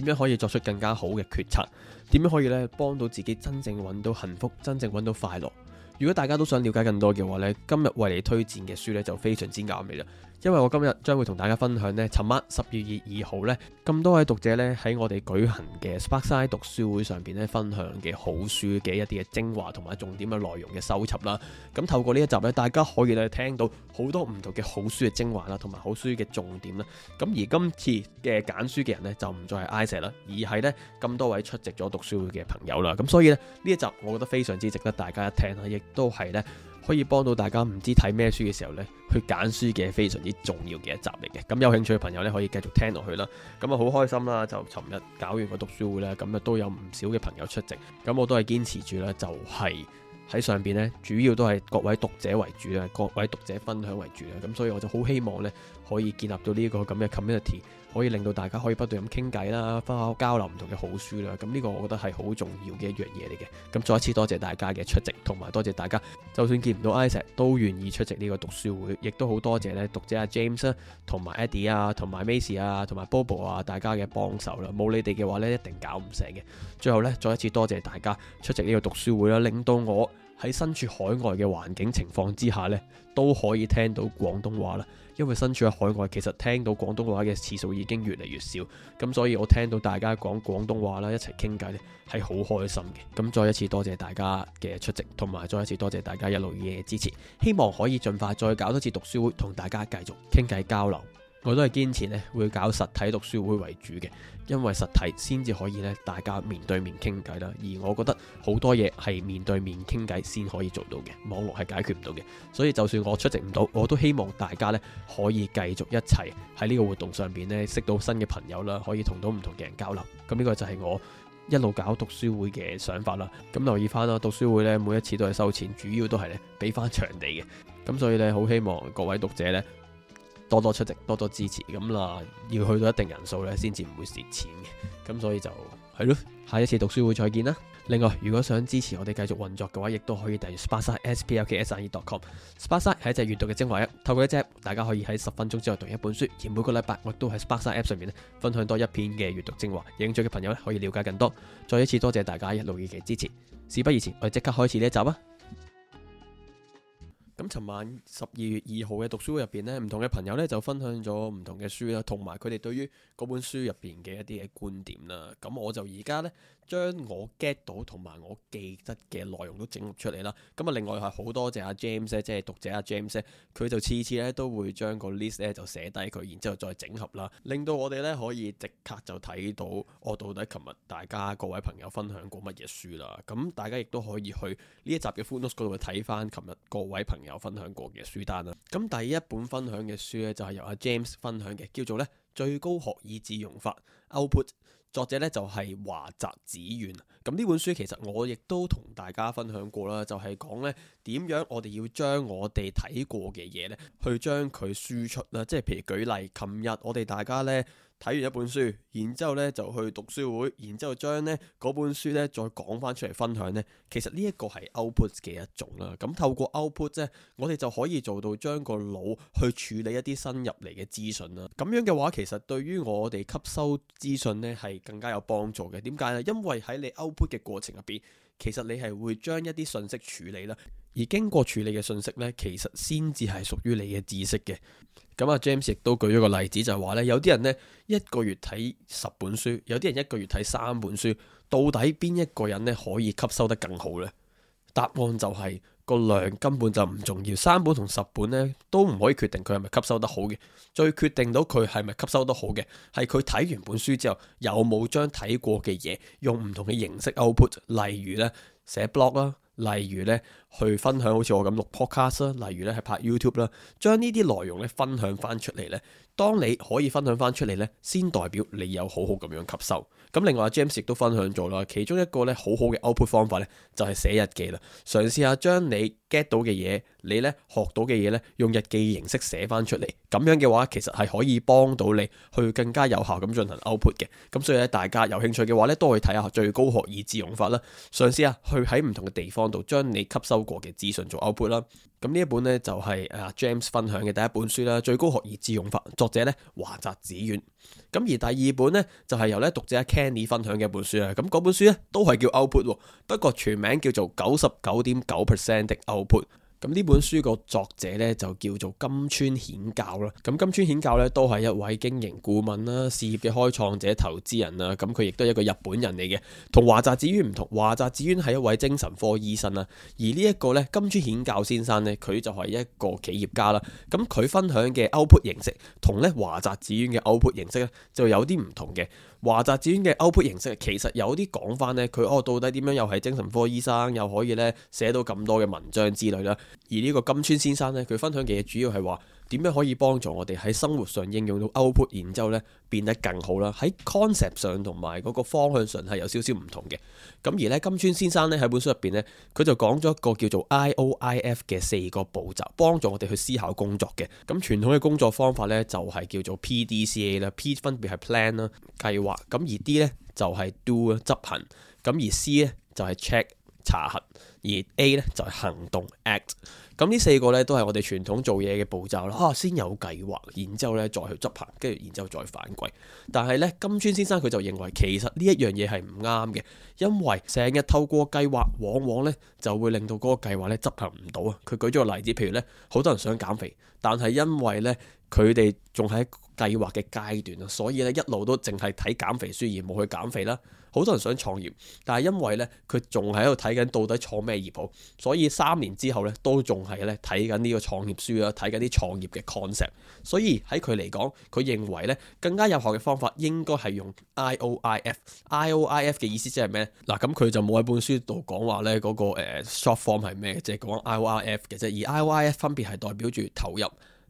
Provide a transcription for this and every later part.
點樣可以作出更加好嘅決策？點樣可以咧幫到自己真正揾到幸福、真正揾到快樂？如果大家都想了解更多嘅話呢，今日為你推薦嘅書呢就非常之啱你啦，因為我今日將會同大家分享呢，尋晚十二月二號呢，咁多位讀者咧喺我哋舉行嘅 Sparkside 讀書會上邊咧分享嘅好書嘅一啲嘅精華同埋重點嘅內容嘅收集啦，咁、嗯、透過呢一集咧，大家可以咧聽到好多唔同嘅好書嘅精華啦，同埋好書嘅重點啦。咁而今次嘅揀書嘅人咧就唔再係 Isa 啦，而係咧咁多位出席咗讀書會嘅朋友啦。咁、嗯、所以咧呢一集，我覺得非常之值得大家一聽啦，亦都係咧。可以幫到大家唔知睇咩書嘅時候呢，去揀書嘅非常之重要嘅一集嚟嘅。咁有興趣嘅朋友呢，可以繼續聽落去啦。咁啊，好開心啦！就尋日搞完個讀書會呢，咁啊都有唔少嘅朋友出席。咁我都係堅持住喇，就係喺上邊呢，主要都係各位讀者為主啦，各位讀者分享為主啦。咁所以我就好希望呢，可以建立到呢一個咁嘅 community，可以令到大家可以不斷咁傾偈啦，分享交流唔同嘅好書啦。咁、這、呢個我覺得係好重要嘅一樣嘢嚟嘅。咁再一次多謝大家嘅出席，同埋多謝大家就算見唔到 Isaac 都願意出席呢個讀書會，亦都好多謝咧讀者阿 James 同埋 Eddie 啊，同埋 Macy 啊，同埋 Bobo 啊，大家嘅幫手啦。冇你哋嘅話咧，一定搞唔成嘅。最後咧，再一次多謝大家出席呢個讀書會啦。令到我喺身處海外嘅環境情況之下咧，都可以聽到廣東話啦。因為身處喺海外，其實聽到廣東話嘅次數已經越嚟越少，咁所以我聽到大家講廣東話啦，一齊傾偈咧係好開心嘅。咁再一次多謝大家嘅出席，同埋再一次多謝大家一路嘅支持，希望可以盡快再搞多次讀書會，同大家繼續傾偈交流。我都係堅持咧，會搞實體讀書會為主嘅，因為實體先至可以咧，大家面對面傾偈啦。而我覺得好多嘢係面對面傾偈先可以做到嘅，網絡係解決唔到嘅。所以就算我出席唔到，我都希望大家咧可以繼續一齊喺呢個活動上面咧識到新嘅朋友啦，可以同到唔同嘅人交流。咁呢個就係我一路搞讀書會嘅想法啦。咁留意翻啦，讀書會咧每一次都係收錢，主要都係咧俾翻場地嘅。咁所以咧，好希望各位讀者咧。多多出席，多多支持咁啦，要去到一定人數咧，先至唔會蝕錢嘅。咁所以就係咯，下一次讀書會再見啦。另外，如果想支持我哋繼續運作嘅話，亦都可以訂閱 Sparksine sparksine.com。Sparksine 係一隻閱讀嘅精華一，透過一隻 app，大家可以喺十分鐘之內讀一本書。而每個禮拜，我都喺 Sparksine app 上面咧，分享多一篇嘅閱讀精華。影咗嘅朋友咧，可以了解更多。再一次多謝大家一路以嚟支持。事不宜遲，我哋即刻開始呢一集啊！咁尋晚十二月二號嘅讀書會入邊咧，唔同嘅朋友咧就分享咗唔同嘅書啦，同埋佢哋對於嗰本書入邊嘅一啲嘅觀點啦。咁我就而家咧將我 get 到同埋我記得嘅內容都整合出嚟啦。咁啊，另外係好多謝阿 James，即係讀者阿 James，佢就次次咧都會將個 list 咧就寫低佢，然之後再整合啦，令到我哋咧可以即刻就睇到我、哦、到底琴日大家各位朋友分享過乜嘢書啦。咁大家亦都可以去呢一集嘅 Finals 嗰度去睇翻琴日各位朋友。有分享過嘅書單啦，咁第一本分享嘅書咧就係由阿 James 分享嘅，叫做咧最高學以致用法，Output，作者咧就係樺澤紫苑。咁呢本書其實我亦都同大家分享過啦，就係講咧點樣我哋要將我哋睇過嘅嘢咧，去將佢輸出啦，即係譬如舉例，琴日我哋大家咧。睇完一本書，然之後咧就去讀書會，然之後將咧嗰本書咧再講翻出嚟分享咧，其實呢一個係 output 嘅一種啦。咁透過 output 咧，我哋就可以做到將個腦去處理一啲新入嚟嘅資訊啦。咁樣嘅話，其實對於我哋吸收資訊咧係更加有幫助嘅。點解咧？因為喺你 output 嘅過程入邊，其實你係會將一啲信息處理啦。而經過處理嘅信息呢，其實先至係屬於你嘅知識嘅。咁啊，James 亦都舉咗個例子，就係話呢：有啲人呢，一個月睇十本書，有啲人一個月睇三本書，到底邊一個人呢可以吸收得更好呢？答案就係個量根本就唔重要，三本同十本呢都唔可以決定佢係咪吸收得好嘅。最決定到佢係咪吸收得好嘅，係佢睇完本書之後有冇將睇過嘅嘢用唔同嘅形式 output，例如呢，寫 blog 啦。例如咧，去分享好似我咁錄 podcast 啦，例如咧係拍 YouTube 啦，將呢啲內容咧分享翻出嚟咧，當你可以分享翻出嚟咧，先代表你有好好咁樣吸收。咁另外 James 亦都分享咗啦，其中一個咧好好嘅 output 方法咧就係寫日記啦。嘗試下將你 get 到嘅嘢，你咧學到嘅嘢咧，用日記形式寫翻出嚟，咁樣嘅話其實係可以幫到你去更加有效咁進行 output 嘅。咁所以咧大家有興趣嘅話咧，都可以睇下最高學以致用法啦，嘗試下去喺唔同嘅地方度將你吸收過嘅資訊做 output 啦，咁呢一本呢，就係阿 James 分享嘅第一本書啦，最高學以致用法，作者呢，華澤子遠，咁而第二本呢，就係由咧讀者阿 Kenny 分享嘅一本書啊，咁嗰本書呢，都係叫 output，不過全名叫做九十九點九 percent 的 output。咁呢本書個作者咧就叫做金川顯教啦。咁金川顯教咧都係一位經營顧問啦、事業嘅開創者、投資人啦。咁佢亦都係一個日本人嚟嘅，同樺澤紫苑唔同。樺澤紫苑係一位精神科醫生啦，而呢一個咧金川顯教先生咧，佢就係一個企業家啦。咁佢分享嘅 output 形式同咧樺澤紫苑嘅 output 形式咧就有啲唔同嘅。華澤志遠嘅歐潑形式，其實有啲講翻呢，佢哦到底點樣又係精神科醫生，又可以呢寫到咁多嘅文章之類啦。而呢個金川先生呢，佢分享嘅嘢主要係話。點樣可以幫助我哋喺生活上應用到 output，然之後咧變得更好啦？喺 concept 上同埋嗰個方向上係有少少唔同嘅。咁而咧金川先生咧喺本書入邊咧，佢就講咗一個叫做 I O I F 嘅四個步驟，幫助我哋去思考工作嘅。咁傳統嘅工作方法咧就係叫做 P D C A 啦，P 分別係 plan 啦，計劃；咁而 D 咧就係 do 執行；咁而 C 咧就係 check 查核。而 A 咧就係行動 act，咁呢四個咧都係我哋傳統做嘢嘅步驟啦。嚇啊，先有計劃，然之後咧再去執行，跟住然之後再反饋。但係咧，金川先生佢就認為其實呢一樣嘢係唔啱嘅，因為成日透過計劃，往往咧就會令到嗰個計劃咧執行唔到啊。佢舉咗個例子，譬如咧好多人想減肥，但係因為咧佢哋仲喺計劃嘅階段啊，所以咧一路都淨係睇減肥書而冇去減肥啦。好多人想創業，但係因為咧佢仲係喺度睇緊到底創咩業好，所以三年之後咧都仲係咧睇緊呢個創業書啊，睇緊啲創業嘅 concept。所以喺佢嚟講，佢認為咧更加有效嘅方法應該係用 I O I F。I, F, I O I F 嘅意思即係咩？嗱，咁佢就冇喺本書度講話咧嗰個、呃、short form 係咩，即係講 I O I F 嘅啫，而 I O I F 分別係代表住投入、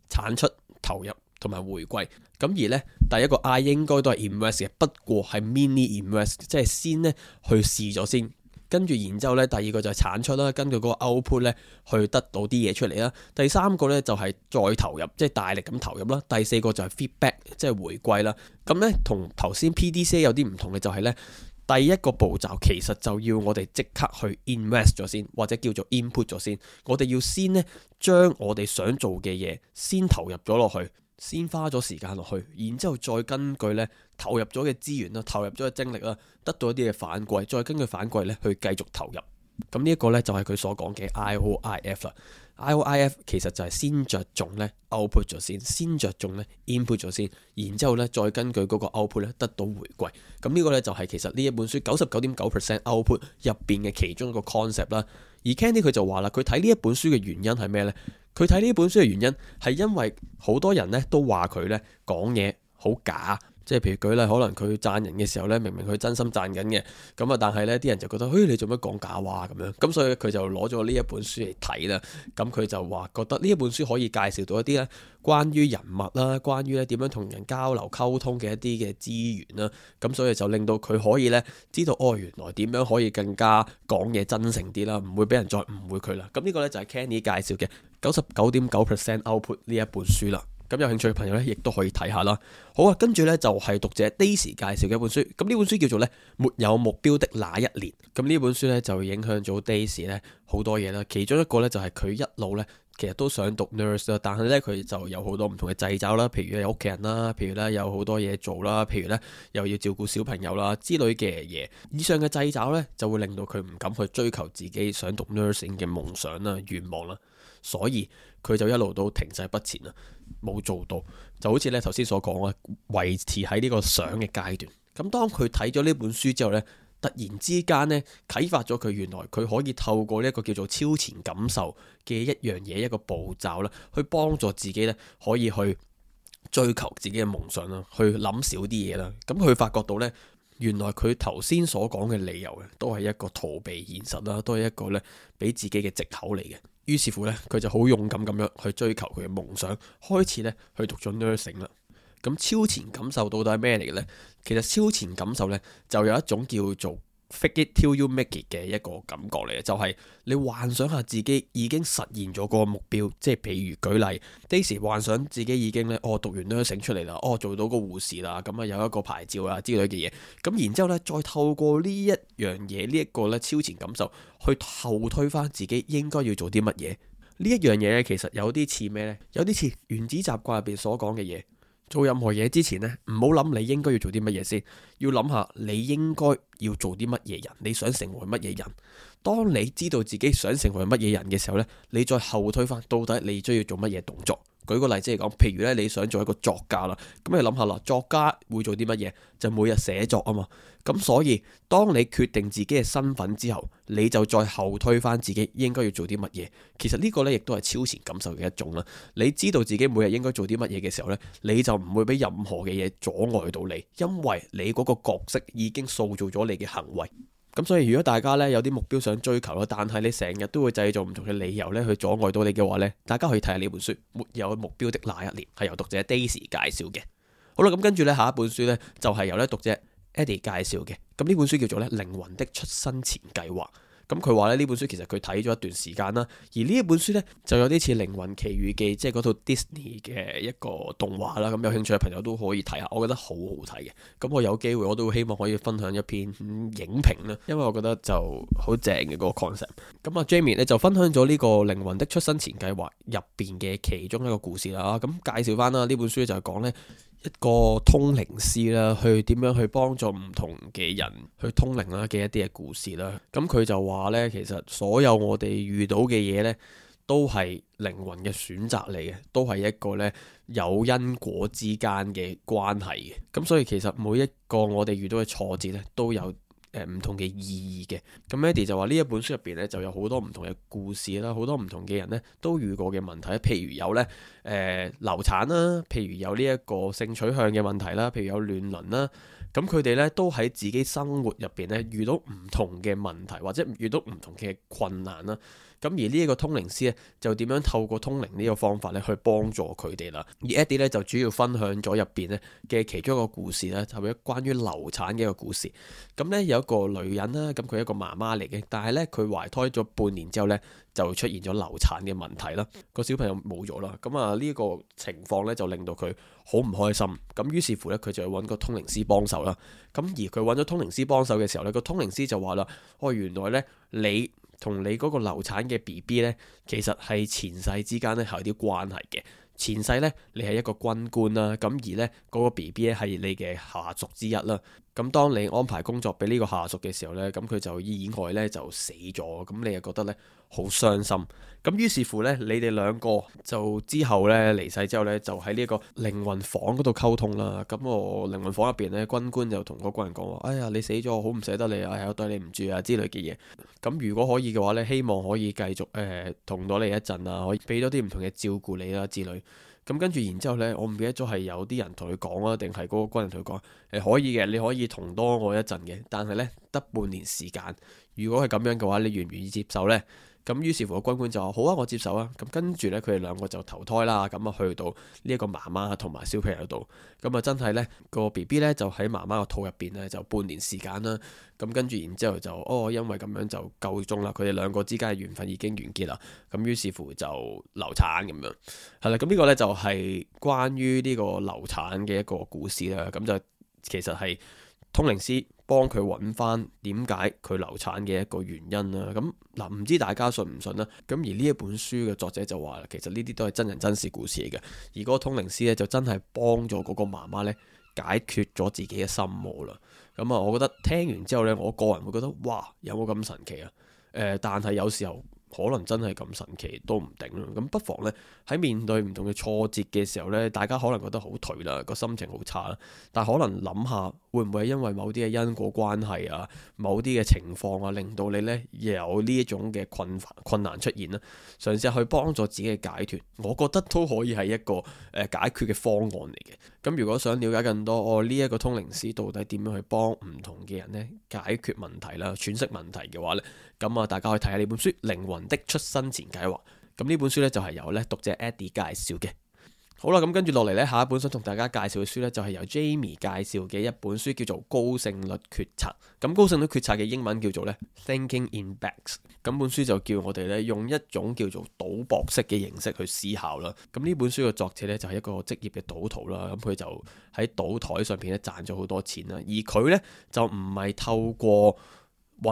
產出、投入。同埋回饋，咁而呢，第一個 I 應該都係 invest 嘅，不過係 mini invest，即係先呢去試咗先，跟住然之後呢，第二個就係產出啦，根據嗰個 output 呢，去得到啲嘢出嚟啦。第三個呢，就係、是、再投入，即係大力咁投入啦。第四個就係 feedback，即係回饋啦。咁呢，同頭先 PDCA 有啲唔同嘅就係呢，第一個步驟其實就要我哋即刻去 invest 咗先，或者叫做 input 咗先。我哋要先呢，將我哋想做嘅嘢先投入咗落去。先花咗時間落去，然之後再根據咧投入咗嘅資源啦，投入咗嘅精力啦，得到一啲嘅反饋，再根據反饋咧去繼續投入。咁呢一個咧就係、是、佢所講嘅 I O I F 啦。I, I O I F 其實就係先着重咧 output 咗先，先着重咧 input 咗先，然之後咧再根據嗰個 output 咧得到回饋。咁呢個咧就係、是、其實呢一本書九十九點九 percent output 入邊嘅其中一個 concept 啦。而 Candy 佢就話啦，佢睇呢一本書嘅原因係咩咧？佢睇呢本書嘅原因係因為好多人咧都話佢咧講嘢好假，即係譬如舉例，可能佢贊人嘅時候咧，明明佢真心贊緊嘅，咁啊，但係咧啲人就覺得，哎，你做乜講假話咁樣？咁所以佢就攞咗呢一本書嚟睇啦。咁佢就話覺得呢一本書可以介紹到一啲咧關於人物啦，關於咧點樣同人交流溝通嘅一啲嘅資源啦。咁所以就令到佢可以咧知道，哦，原來點樣可以更加講嘢真誠啲啦，唔會俾人再誤會佢啦。咁呢個咧就係 Canny 介紹嘅。九十九點九 percent output 呢一本書啦，咁有興趣嘅朋友咧，亦都可以睇下啦。好啊，跟住咧就係讀者 Daisy 介紹嘅一本書，咁呢本書叫做咧《沒有目標的那一年》，咁呢本書咧就影響咗 Daisy 咧好多嘢啦，其中一個咧就係佢一路咧。其實都想讀 nurse 啦，但係咧佢就有好多唔同嘅掣肘啦，譬如有屋企人啦，譬如咧有好多嘢做啦，譬如咧又要照顧小朋友啦之類嘅嘢。以上嘅掣肘咧就會令到佢唔敢去追求自己想讀 nursing 嘅夢想啦、願望啦，所以佢就一路都停滯不前啦，冇做到就好似咧頭先所講啊，維持喺呢個想嘅階段。咁當佢睇咗呢本書之後咧。突然之間咧，啟發咗佢，原來佢可以透過呢一個叫做超前感受嘅一樣嘢，一個步驟啦，去幫助自己咧，可以去追求自己嘅夢想啦，去諗少啲嘢啦。咁佢發覺到咧，原來佢頭先所講嘅理由咧，都係一個逃避現實啦，都係一個咧俾自己嘅藉口嚟嘅。於是乎咧，佢就好勇敢咁樣去追求佢嘅夢想，開始咧去讀咗 nursing 啦。咁超前感受到底係咩嚟嘅咧？其實超前感受咧就有一種叫做 “fake it till you make it” 嘅一個感覺嚟嘅，就係、是、你幻想下自己已經實現咗個目標，即係譬如舉例，Daisy 幻想自己已經咧，哦讀完都醒出嚟啦，哦做到個護士啦，咁啊有一個牌照啊之類嘅嘢。咁然之後咧，再透過呢一樣嘢呢一個咧超前感受去後推翻自己應該要做啲乜嘢。呢一樣嘢咧，其實有啲似咩咧？有啲似原子習慣入邊所講嘅嘢。做任何嘢之前呢，唔好諗你應該要做啲乜嘢先，要諗下你應該要做啲乜嘢人，你想成為乜嘢人？當你知道自己想成為乜嘢人嘅時候呢，你再後退翻到底你需要做乜嘢動作？舉個例子嚟講，譬如咧你想做一個作家啦，咁你諗下啦，作家會做啲乜嘢？就每日寫作啊嘛。咁所以，當你決定自己嘅身份之後，你就再後退翻，自己應該要做啲乜嘢。其實呢個呢，亦都係超前感受嘅一種啦。你知道自己每日應該做啲乜嘢嘅時候呢，你就唔會俾任何嘅嘢阻礙到你，因為你嗰個角色已經塑造咗你嘅行為。咁所以，如果大家呢，有啲目標想追求啦，但係你成日都會製造唔同嘅理由呢去阻礙到你嘅話呢，大家可以睇下呢本書《沒有目標的那一年》，係由讀者 Daisy 介紹嘅。好啦，咁跟住呢，下一本書呢，就係由呢讀者。Eddie 介紹嘅，咁呢本書叫做咧《靈魂的出生前計劃》，咁佢話咧呢本書其實佢睇咗一段時間啦，而呢一本書咧就有啲似《靈魂奇遇記》，即係嗰套 Disney 嘅一個動畫啦。咁有興趣嘅朋友都可以睇下，我覺得好好睇嘅。咁我有機會我都希望可以分享一篇、嗯、影評啦，因為我覺得就好正嘅嗰個 concept。咁阿、嗯、Jamie 咧就分享咗呢、這個《靈魂的出生前計劃》入邊嘅其中一個故事啦。咁、嗯、介紹翻啦，呢本書就係講咧。一個通靈師啦，去點樣去幫助唔同嘅人去通靈啦嘅一啲嘅故事啦，咁佢就話呢，其實所有我哋遇到嘅嘢呢，都係靈魂嘅選擇嚟嘅，都係一個呢有因果之間嘅關係嘅，咁所以其實每一個我哋遇到嘅挫折呢，都有。誒唔、呃、同嘅意義嘅，咁 Mandy 就話呢一本書入邊咧就有好多唔同嘅故事啦，好多唔同嘅人咧都遇過嘅問題，譬如有咧誒、呃、流產啦，譬如有呢一個性取向嘅問題啦，譬如有亂倫啦，咁佢哋咧都喺自己生活入邊咧遇到唔同嘅問題，或者遇到唔同嘅困難啦。咁而呢一個通靈師咧，就點樣透過通靈呢個方法咧，去幫助佢哋啦？而 Eddie 咧就主要分享咗入邊咧嘅其中一個故事咧，就係關於流產嘅一個故事。咁、嗯、咧有一個女人啦，咁佢一個媽媽嚟嘅，但係咧佢懷胎咗半年之後咧，就出現咗流產嘅問題啦，個小朋友冇咗啦。咁啊呢個情況咧就令到佢好唔開心。咁於是乎咧，佢就揾個通靈師幫手啦。咁而佢揾咗通靈師幫手嘅時候咧，個通靈師就話啦：哦、哎，原來咧你。同你嗰個流產嘅 B B 呢，其實係前世之間呢係有啲關係嘅。前世呢，你係一個軍官啦，咁而呢，嗰個 B B 係你嘅下屬之一啦。咁當你安排工作俾呢個下屬嘅時候呢，咁佢就意外呢就死咗，咁你又覺得呢好傷心。咁於是乎呢，你哋兩個就之後呢，離世之後呢，就喺呢個靈魂房嗰度溝通啦。咁我靈魂房入邊呢，軍官就同嗰個人講話，哎呀，你死咗，我好唔捨得你，哎呀，我對你唔住啊之類嘅嘢。咁如果可以嘅話呢，希望可以繼續誒同咗你一陣啊，可以俾多啲唔同嘅照顧你啦之類。咁跟住，然之後呢，我唔記得咗係有啲人同佢講啊，定係嗰個軍人同佢講，誒、哎、可以嘅，你可以同多我一陣嘅，但係呢，得半年時間。如果係咁樣嘅話，你願唔願意接受呢？咁於是乎個軍官就話：好啊，我接受啊。咁跟住呢，佢哋兩個就投胎啦。咁啊，去到呢一個媽媽同埋小朋友度，咁啊真係呢個 B B 呢，那個、呢就喺媽媽個肚入邊呢，就半年時間啦。咁跟住然之後就哦，因為咁樣就夠鐘啦。佢哋兩個之間嘅緣分已經完結啦。咁於是乎就流產咁樣係啦。咁呢個呢，就係、是、關於呢個流產嘅一個故事啦。咁就其實係。通靈師幫佢搵翻點解佢流產嘅一個原因啦。咁嗱，唔知大家信唔信啦？咁而呢一本書嘅作者就話，其實呢啲都係真人真事故事嚟嘅。而嗰個通靈師咧，就真係幫助嗰個媽媽咧解決咗自己嘅心魔啦。咁啊，我覺得聽完之後呢，我個人會覺得哇，有冇咁神奇啊？呃，但係有時候可能真係咁神奇都唔定啦。咁不妨呢，喺面對唔同嘅挫折嘅時候呢，大家可能覺得好頹啦，個心情好差啦，但可能諗下。會唔會因為某啲嘅因果關係啊，某啲嘅情況啊，令到你呢有呢一種嘅困困難出現呢，啊？嘗試去幫助自己嘅解脫，我覺得都可以係一個、呃、解決嘅方案嚟嘅。咁如果想了解更多，我呢一個通靈師到底點樣去幫唔同嘅人呢解決問題啦、詮釋問題嘅話呢，咁啊大家去睇下呢本書《靈魂的出生前計劃》。咁呢本書呢，就係由呢讀者 Eddie 介紹嘅。好啦，咁跟住落嚟呢，下一本想同大家介紹嘅書呢，就係由 Jamie 介紹嘅一本書，叫做《高勝率決策》。咁高勝率決策嘅英文叫做咧 Thinking in Bets。咁本書就叫我哋呢，用一種叫做賭博式嘅形式去思考啦。咁呢本書嘅作者呢，就係一個職業嘅賭徒啦。咁佢就喺賭檯上邊咧賺咗好多錢啦。而佢呢，就唔係透過。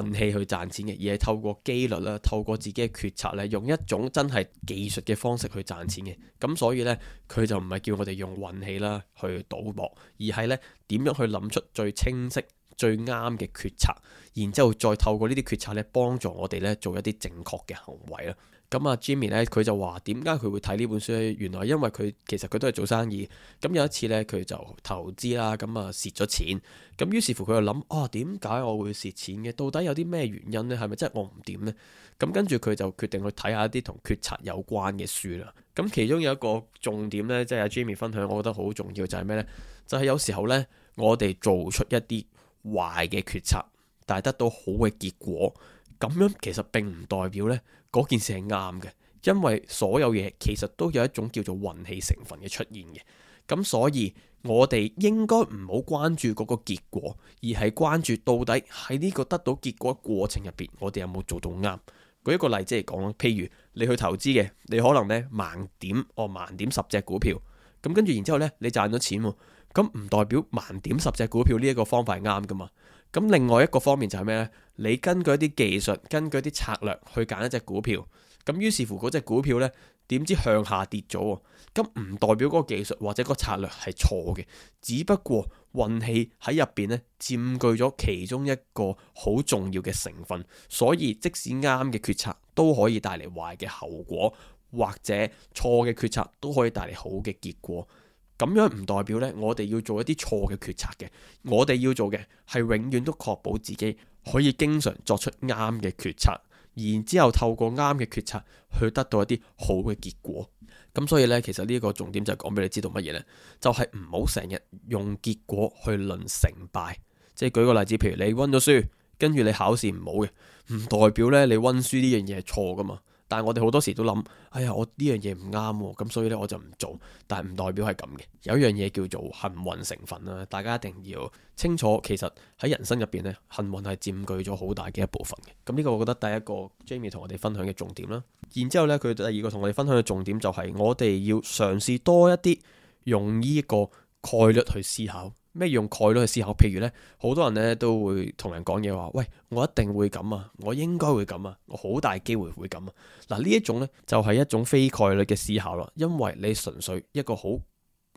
運氣去賺錢嘅，而係透過機率啦，透過自己嘅決策咧，用一種真係技術嘅方式去賺錢嘅。咁所以呢，佢就唔係叫我哋用運氣啦去賭博，而係呢，點樣去諗出最清晰、最啱嘅決策，然之後再透過呢啲決策咧，幫助我哋呢，做一啲正確嘅行為啦。咁啊，Jimmy 咧，佢就話點解佢會睇呢本書咧？原來因為佢其實佢都係做生意。咁有一次咧，佢就投資啦，咁啊蝕咗錢。咁於是乎佢就諗，哦、啊，點解我會蝕錢嘅？到底有啲咩原因呢？係咪真係我唔掂呢？咁跟住佢就決定去睇下一啲同決策有關嘅書啦。咁其中有一個重點咧，即係阿 Jimmy 分享，我覺得好重要就係咩呢？就係有時候呢，我哋做出一啲壞嘅決策，但係得到好嘅結果。咁樣其實並唔代表呢嗰件事係啱嘅，因為所有嘢其實都有一種叫做運氣成分嘅出現嘅。咁所以我哋應該唔好關注嗰個結果，而係關注到底喺呢個得到結果嘅過程入邊，我哋有冇做到啱。舉一個例子嚟講，譬如你去投資嘅，你可能呢盲點哦，盲點十隻股票，咁跟住然之後呢你賺咗錢喎，咁唔代表盲點十隻股票呢一個方法係啱噶嘛？咁另外一個方面就係咩呢？你根據一啲技術、根據一啲策略去揀一隻股票，咁於是乎嗰隻股票呢，點知向下跌咗喎？咁唔代表嗰個技術或者個策略係錯嘅，只不過運氣喺入邊呢佔據咗其中一個好重要嘅成分，所以即使啱嘅決策都可以帶嚟壞嘅後果，或者錯嘅決策都可以帶嚟好嘅結果。咁樣唔代表呢，我哋要做一啲錯嘅決策嘅。我哋要做嘅係永遠都確保自己可以經常作出啱嘅決策，然之後透過啱嘅決策去得到一啲好嘅結果。咁所以呢，其實呢個重點就係講俾你知道乜嘢？呢？就係唔好成日用結果去論成敗。即係舉個例子，譬如你溫咗書，跟住你考試唔好嘅，唔代表呢，你溫書呢樣嘢係錯噶嘛。但係我哋好多時都諗，哎呀，我呢樣嘢唔啱喎，咁所以呢，我就唔做。但係唔代表係咁嘅，有一樣嘢叫做幸運成分啦。大家一定要清楚，其實喺人生入邊呢，幸運係佔據咗好大嘅一部分嘅。咁呢個我覺得第一個 Jamie 同我哋分享嘅重點啦。然之後呢，佢第二個同我哋分享嘅重點就係我哋要嘗試多一啲用呢一個概率去思考。咩用概率去思考？譬如呢，好多人咧都會同人講嘢話：喂，我一定會咁啊，我應該會咁啊，我好大機會會咁啊。嗱，呢一種呢就係一種非概率嘅思考咯，因為你純粹一個好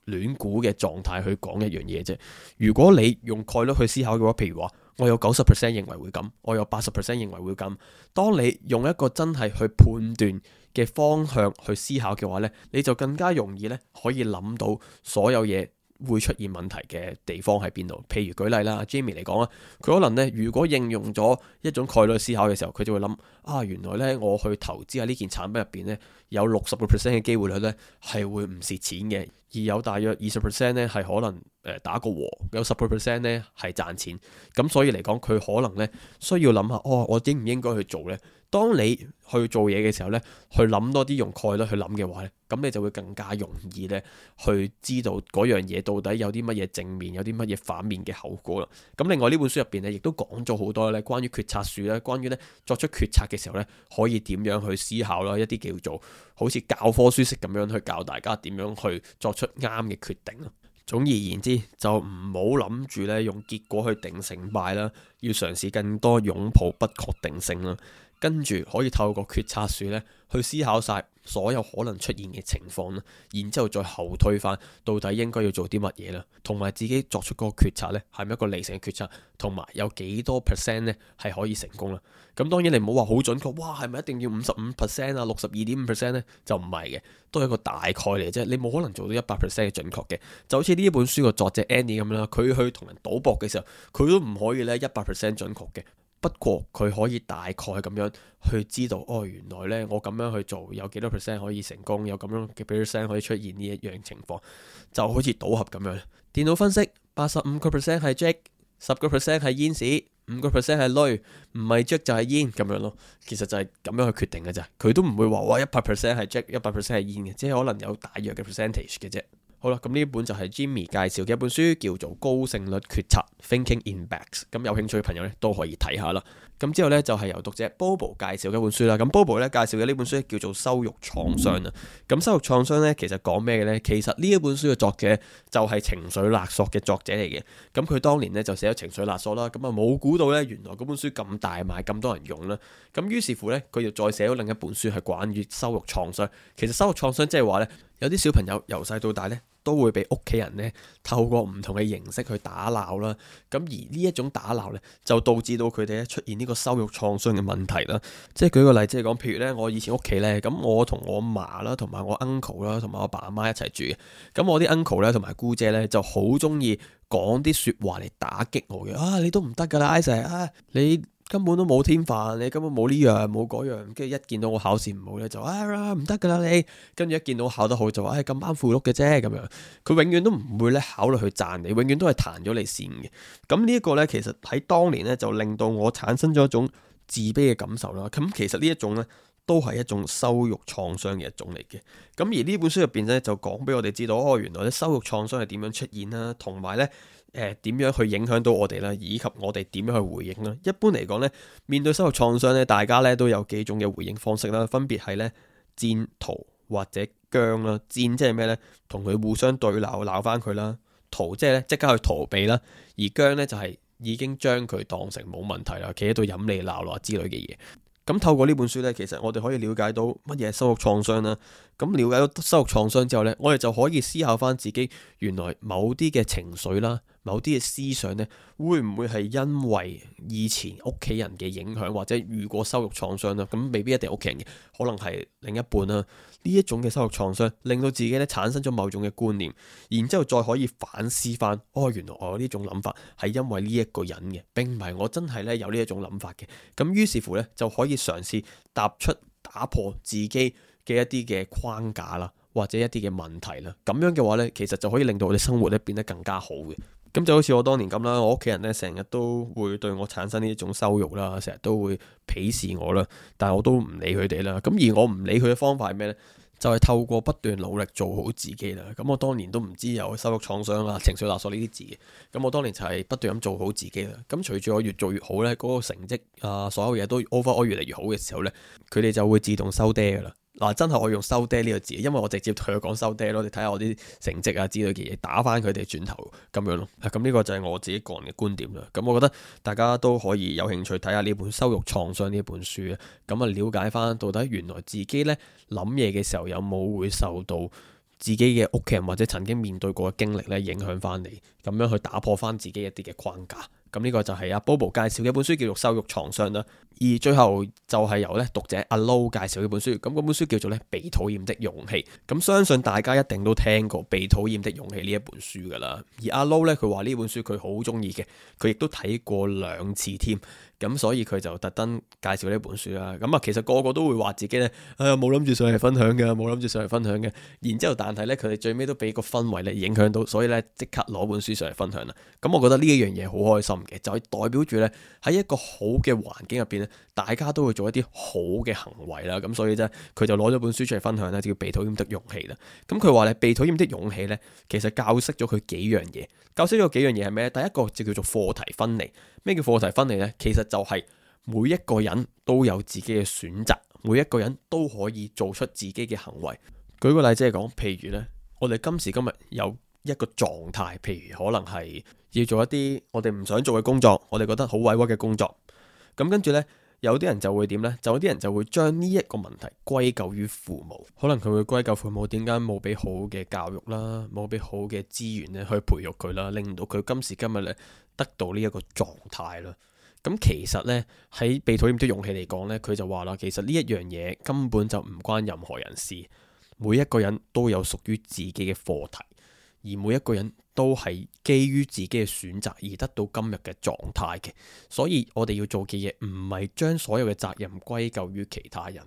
亂估嘅狀態去講一樣嘢啫。如果你用概率去思考嘅話，譬如話我有九十 percent 認為會咁，我有八十 percent 認為會咁。當你用一個真係去判斷嘅方向去思考嘅話呢，你就更加容易呢可以諗到所有嘢。會出現問題嘅地方喺邊度？譬如舉例啦，Jamie 嚟講啊，佢可能呢，如果應用咗一種概率思考嘅時候，佢就會諗啊，原來呢，我去投資喺呢件產品入邊入面呢，有六十個 percent 嘅機會率呢，係會唔蝕錢嘅。而有大約二十 percent 咧係可能誒打個和，有十 percent 咧係賺錢，咁所以嚟講佢可能咧需要諗下，哦，我應唔應該去做咧？當你去做嘢嘅時候咧，去諗多啲用概率去諗嘅話咧，咁你就會更加容易咧去知道嗰樣嘢到底有啲乜嘢正面，有啲乜嘢反面嘅後果啦。咁另外呢本書入邊咧亦都講咗好多咧關於決策樹咧，關於咧作出決策嘅時候咧可以點樣去思考啦，一啲叫做，好似教科書式咁樣去教大家點樣去作出啱嘅決定咯。總而言之，就唔好諗住咧用結果去定勝敗啦。要嘗試更多擁抱不確定性啦。跟住可以透過決策樹咧，去思考晒所有可能出現嘅情況啦，然之後再後退翻，到底應該要做啲乜嘢啦，同埋自己作出嗰個決策咧，係咪一個理性嘅決策，同埋有幾多 percent 咧係可以成功啦？咁當然你唔好話好準確，哇，係咪一定要五十五 percent 啊，六十二點五 percent 咧？就唔係嘅，都係一個大概嚟啫。你冇可能做到一百 percent 嘅準確嘅，就好似呢一本書嘅作者 Annie 咁啦，佢去同人賭博嘅時候，佢都唔可以咧一百 percent 準確嘅。不過佢可以大概咁樣去知道哦，原來呢，我咁樣去做有幾多 percent 可以成功，有咁樣幾 percent 可以出現呢一樣情況，就好似賭俠咁樣。電腦分析八十五個 percent 係 Jack，十個 percent 係煙屎，五個 percent 係女唔係 Jack 就係煙咁樣咯。其實就係咁樣去決定嘅咋，佢都唔會話哇，一百 percent 係 Jack，一百 percent 係煙嘅，即係可能有大約嘅 percentage 嘅啫。好啦，咁呢一本就係 Jimmy 介紹嘅一本書，叫做《高勝率決策 Thinking in Bets》。咁有興趣嘅朋友咧都可以睇下啦。咁之後咧就係、是、由讀者 Bobo 介紹嘅一本書啦。咁 Bobo 咧介紹嘅呢本書叫做《羞辱創傷》啊。咁羞辱創傷咧其實講咩嘅咧？其實呢一本書嘅作者就係情緒勒索嘅作者嚟嘅。咁佢當年咧就寫咗情緒勒索啦，咁啊冇估到咧原來嗰本書咁大賣，咁多人用啦。咁於是乎咧佢又再寫咗另一本書係關於羞辱創傷。其實羞辱創傷即係話咧，有啲小朋友由細到，到大咧。都會被屋企人咧透過唔同嘅形式去打鬧啦，咁而呢一種打鬧咧就導致到佢哋咧出現呢個羞辱創傷嘅問題啦。即係舉個例子嚟講，譬如咧我以前屋企咧，咁我同我阿嫲啦，同埋我 uncle 啦，同埋我爸阿媽一齊住嘅。咁我啲 uncle 咧同埋姑姐咧就好中意講啲説話嚟打擊我嘅。啊，你都唔得㗎啦，Isaac 啊，你。根本都冇天份，你根本冇呢樣冇嗰樣，跟住一見到我考試唔好咧，就唉，唔得噶啦你。跟住一見到我考得好就話，唉咁啱符碌嘅啫咁樣。佢永遠都唔會咧考慮去讚你，永遠都係彈咗你線嘅。咁呢一個咧，其實喺當年咧就令到我產生咗一種自卑嘅感受啦。咁其實呢一種咧。都係一種羞辱創傷嘅一種嚟嘅，咁而呢本書入邊咧就講俾我哋知道，哦，原來咧羞辱創傷係點樣出現啦，同埋咧誒點樣去影響到我哋啦，以及我哋點樣去回應啦。一般嚟講咧，面對羞辱創傷咧，大家咧都有幾種嘅回應方式啦，分別係咧戰、逃或者僵啦。戰即係咩咧？同佢互相對鬧鬧翻佢啦。逃即係咧即刻去逃避啦。而僵咧就係已經將佢當成冇問題啦，企喺度飲你鬧啦之類嘅嘢。咁透過呢本書咧，其實我哋可以了解到乜嘢係收縮創傷啦。咁了解到羞辱創傷之後呢，我哋就可以思考翻自己原來某啲嘅情緒啦，某啲嘅思想呢，會唔會係因為以前屋企人嘅影響，或者遇過羞辱創傷啦？咁未必一定屋企人嘅，可能係另一半啦。呢一種嘅羞辱創傷令到自己咧產生咗某種嘅觀念，然之後再可以反思翻，哦，原來我有呢種諗法係因為呢一個人嘅，並唔係我真係咧有呢一種諗法嘅。咁於是乎呢，就可以嘗試踏出打破自己嘅一啲嘅框架啦，或者一啲嘅問題啦，咁樣嘅話呢，其實就可以令到我哋生活咧變得更加好嘅。咁就好似我當年咁啦，我屋企人呢，成日都會對我產生呢一種羞辱啦，成日都會鄙視我啦，但我都唔理佢哋啦。咁而我唔理佢嘅方法係咩呢？就係透過不斷努力做好自己啦。咁我當年都唔知有羞辱創傷啊、情緒勒索呢啲字嘅。咁我當年就係不斷咁做好自己啦。咁隨住我越做越好呢，嗰個成績啊，所有嘢都 over 我越嚟越好嘅時候呢，佢哋就會自動收爹噶啦。嗱、啊，真係我用收爹呢、呢個字，因為我直接同佢講收爹咯，你睇下我啲成績啊之類嘅嘢，打翻佢哋轉頭咁樣咯。咁、啊、呢、呢個就係我自己個人嘅觀點啦。咁、嗯、我覺得大家都可以有興趣睇下呢本《羞辱創傷》呢本書啊。咁、嗯、啊，瞭解翻到底原來自己呢諗嘢嘅時候有冇會受到自己嘅屋企人或者曾經面對過嘅經歷呢影響翻你，咁樣去打破翻自己一啲嘅框架。咁、嗯、呢、呢個就係阿、啊、Bobo 介紹嘅本書，叫做《羞辱創傷》啦。而最後就係由咧讀者阿 Low 介紹呢本書，咁本書叫做咧《被討厭的勇氣》，咁相信大家一定都聽過《被討厭的勇氣》呢一本書㗎啦。而阿 Low 咧佢話呢本書佢好中意嘅，佢亦都睇過兩次添，咁所以佢就特登介紹呢本書啦。咁啊，其實個個都會話自己咧，啊冇諗住上嚟分享嘅，冇諗住上嚟分享嘅。然之後但呢，但係咧佢哋最尾都俾個氛圍咧影響到，所以咧即刻攞本書上嚟分享啦。咁我覺得呢一樣嘢好開心嘅，就係、是、代表住咧喺一個好嘅環境入邊。大家都會做一啲好嘅行為啦，咁所以咧，佢就攞咗本書出嚟分享啦，就叫《被討厭的勇氣》啦。咁佢話咧，《被討厭的勇氣》呢，其實教識咗佢幾樣嘢，教識咗幾樣嘢係咩？第一個就叫做課題分離。咩叫課題分離呢？其實就係每一個人都有自己嘅選擇，每一個人都可以做出自己嘅行為。舉個例子嚟講，譬如呢，我哋今時今日有一個狀態，譬如可能係要做一啲我哋唔想做嘅工作，我哋覺得好委屈嘅工作。咁跟住呢，有啲人就會點呢？有啲人就會將呢一個問題歸咎於父母，可能佢會歸咎父母點解冇俾好嘅教育啦，冇俾好嘅資源咧去培育佢啦，令到佢今時今日咧得到呢一個狀態啦。咁、嗯、其實呢，喺被討厭的勇氣嚟講呢，佢就話啦，其實呢一樣嘢根本就唔關任何人事，每一個人都有屬於自己嘅課題，而每一個人。都係基於自己嘅選擇而得到今日嘅狀態嘅，所以我哋要做嘅嘢唔係將所有嘅責任歸咎於其他人，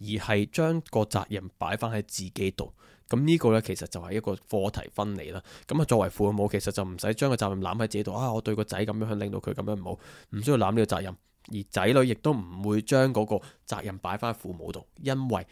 而係將個責任擺翻喺自己度。咁呢個呢，其實就係一個課題分離啦。咁啊，作為父母其實就唔使將個責任攬喺自己度啊，我對個仔咁樣去令到佢咁樣唔好，唔需要攬呢個責任。而仔女亦都唔會將嗰個責任擺翻父母度，因為。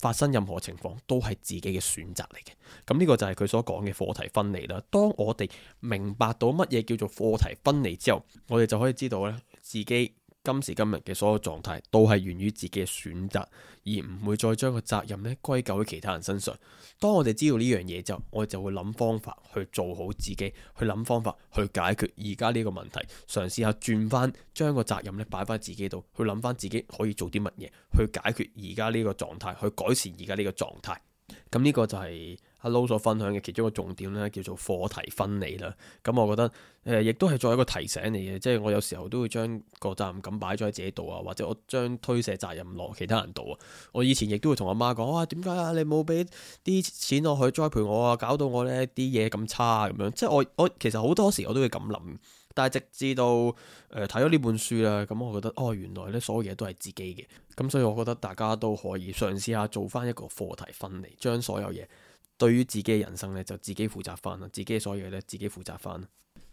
發生任何情況都係自己嘅選擇嚟嘅，咁呢個就係佢所講嘅課題分離啦。當我哋明白到乜嘢叫做課題分離之後，我哋就可以知道咧自己。今時今日嘅所有狀態，都係源於自己嘅選擇，而唔會再將個責任咧歸咎於其他人身上。當我哋知道呢樣嘢之後，我哋就會諗方法去做好自己，去諗方法去解決而家呢個問題。嘗試下轉翻，將個責任咧擺翻自己度，去諗翻自己可以做啲乜嘢去解決而家呢個狀態，去改善而家呢個狀態。咁呢個就係。Hello 所分享嘅其中一個重點咧，叫做課題分離啦。咁、嗯、我覺得誒、呃，亦都係作為一個提醒嚟嘅，即係我有時候都會將個責任咁擺咗喺自己度啊，或者我將推卸責任落其他人度啊。我以前亦都會同阿媽講啊，點解啊，你冇俾啲錢落去栽培我啊，搞到我咧啲嘢咁差咁樣。即係我我其實好多時我都會咁諗，但係直至到誒睇咗呢本書啦，咁、嗯、我覺得哦，原來咧所有嘢都係自己嘅。咁、嗯、所以，我覺得大家都可以嘗試下做翻一個課題分離，將所有嘢。對於自己嘅人生咧，就自己負責翻啦，自己嘅所有嘢咧，自己負責翻。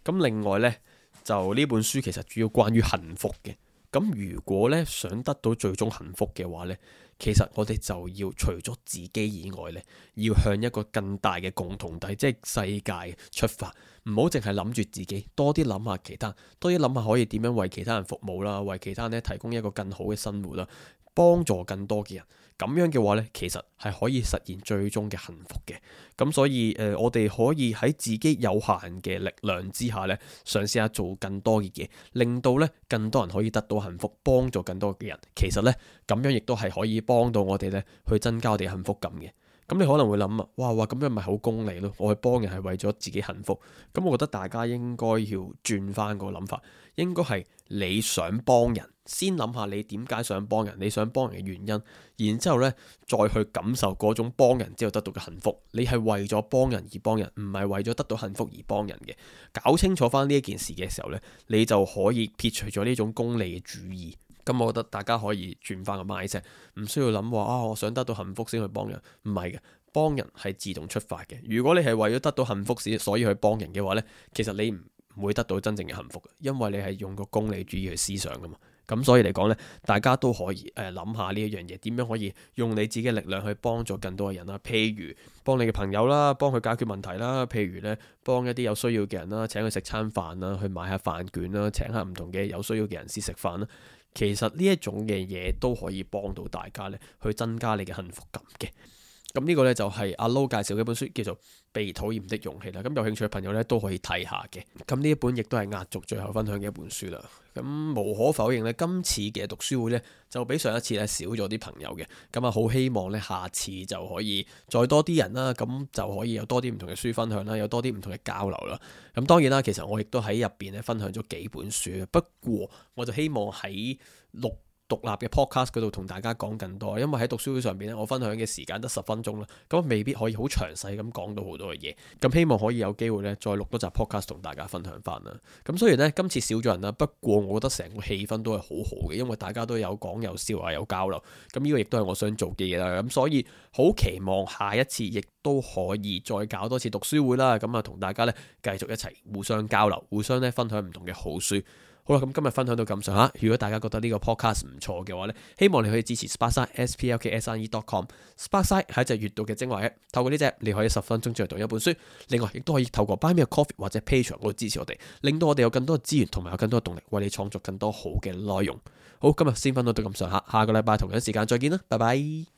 咁另外咧，就呢本書其實主要關於幸福嘅。咁如果咧想得到最終幸福嘅話咧，其實我哋就要除咗自己以外咧，要向一個更大嘅共同體，即係世界出發。唔好淨係諗住自己，多啲諗下其他，多啲諗下可以點樣為其他人服務啦，為其他人呢提供一個更好嘅生活啦，幫助更多嘅人。咁樣嘅話呢，其實係可以實現最終嘅幸福嘅。咁所以誒、呃，我哋可以喺自己有限嘅力量之下呢，嘗試下做更多嘅嘢，令到呢更多人可以得到幸福，幫助更多嘅人。其實呢，咁樣亦都係可以幫到我哋呢，去增加我哋幸福感嘅。咁你可能會諗啊，哇哇咁樣咪好功利咯！我去幫人係為咗自己幸福，咁我覺得大家應該要轉翻個諗法，應該係你想幫人，先諗下你點解想幫人，你想幫人嘅原因，然之後呢，再去感受嗰種幫人之後得到嘅幸福。你係為咗幫人而幫人，唔係為咗得到幸福而幫人嘅。搞清楚翻呢一件事嘅時候呢，你就可以撇除咗呢種功利嘅主義。咁，我覺得大家可以轉翻個 mindset，唔需要諗話啊！我想得到幸福先去幫人，唔係嘅，幫人係自動出發嘅。如果你係為咗得到幸福先所以去幫人嘅話呢，其實你唔會得到真正嘅幸福嘅，因為你係用個功利主義去思想噶嘛。咁所以嚟講呢，大家都可以誒諗、呃、下呢一樣嘢，點樣可以用你自己嘅力量去幫助更多嘅人啦、啊。譬如幫你嘅朋友啦，幫佢解決問題啦。譬如呢，幫一啲有需要嘅人啦，請佢食餐飯啦，去買下飯券啦，請下唔同嘅有需要嘅人士食飯啦。其實呢一種嘅嘢都可以幫到大家咧，去增加你嘅幸福感嘅。咁呢個呢，就係阿 Low 介紹嘅一本書叫做《被討厭的勇氣》啦，咁有興趣嘅朋友呢，都可以睇下嘅。咁呢一本亦都係壓軸最後分享嘅一本書啦。咁無可否認呢，今次嘅讀書會呢，就比上一次咧少咗啲朋友嘅，咁啊好希望呢，下次就可以再多啲人啦，咁就可以有多啲唔同嘅書分享啦，有多啲唔同嘅交流啦。咁當然啦，其實我亦都喺入邊咧分享咗幾本書，不過我就希望喺六獨立嘅 podcast 嗰度同大家講更多，因為喺讀書會上邊咧，我分享嘅時間得十分鐘啦，咁未必可以好詳細咁講到好多嘅嘢，咁希望可以有機會咧，再錄多集 podcast 同大家分享返啦。咁雖然咧今次少咗人啦，不過我覺得成個氣氛都係好好嘅，因為大家都有講有笑啊，有交流，咁呢個亦都係我想做嘅嘢啦。咁所以好期望下一次亦都可以再搞多次讀書會啦，咁啊同大家咧繼續一齊互相交流，互相咧分享唔同嘅好書。好啦，咁今日分享到咁上下。如果大家覺得呢個 podcast 唔錯嘅話呢，希望你可以支持 Sparkside，s p l k s i e dot com。Sparkside 係一隻閱讀嘅精華 app，透過呢隻你可以十分鐘之內讀一本書。另外，亦都可以透過 Buy Me a Coffee 或者 Patreon 去支持我哋，令到我哋有更多嘅資源同埋有更多嘅動力，為你創作更多好嘅內容。好，今日先分享到咁上下。下個禮拜同樣時間再見啦，拜拜。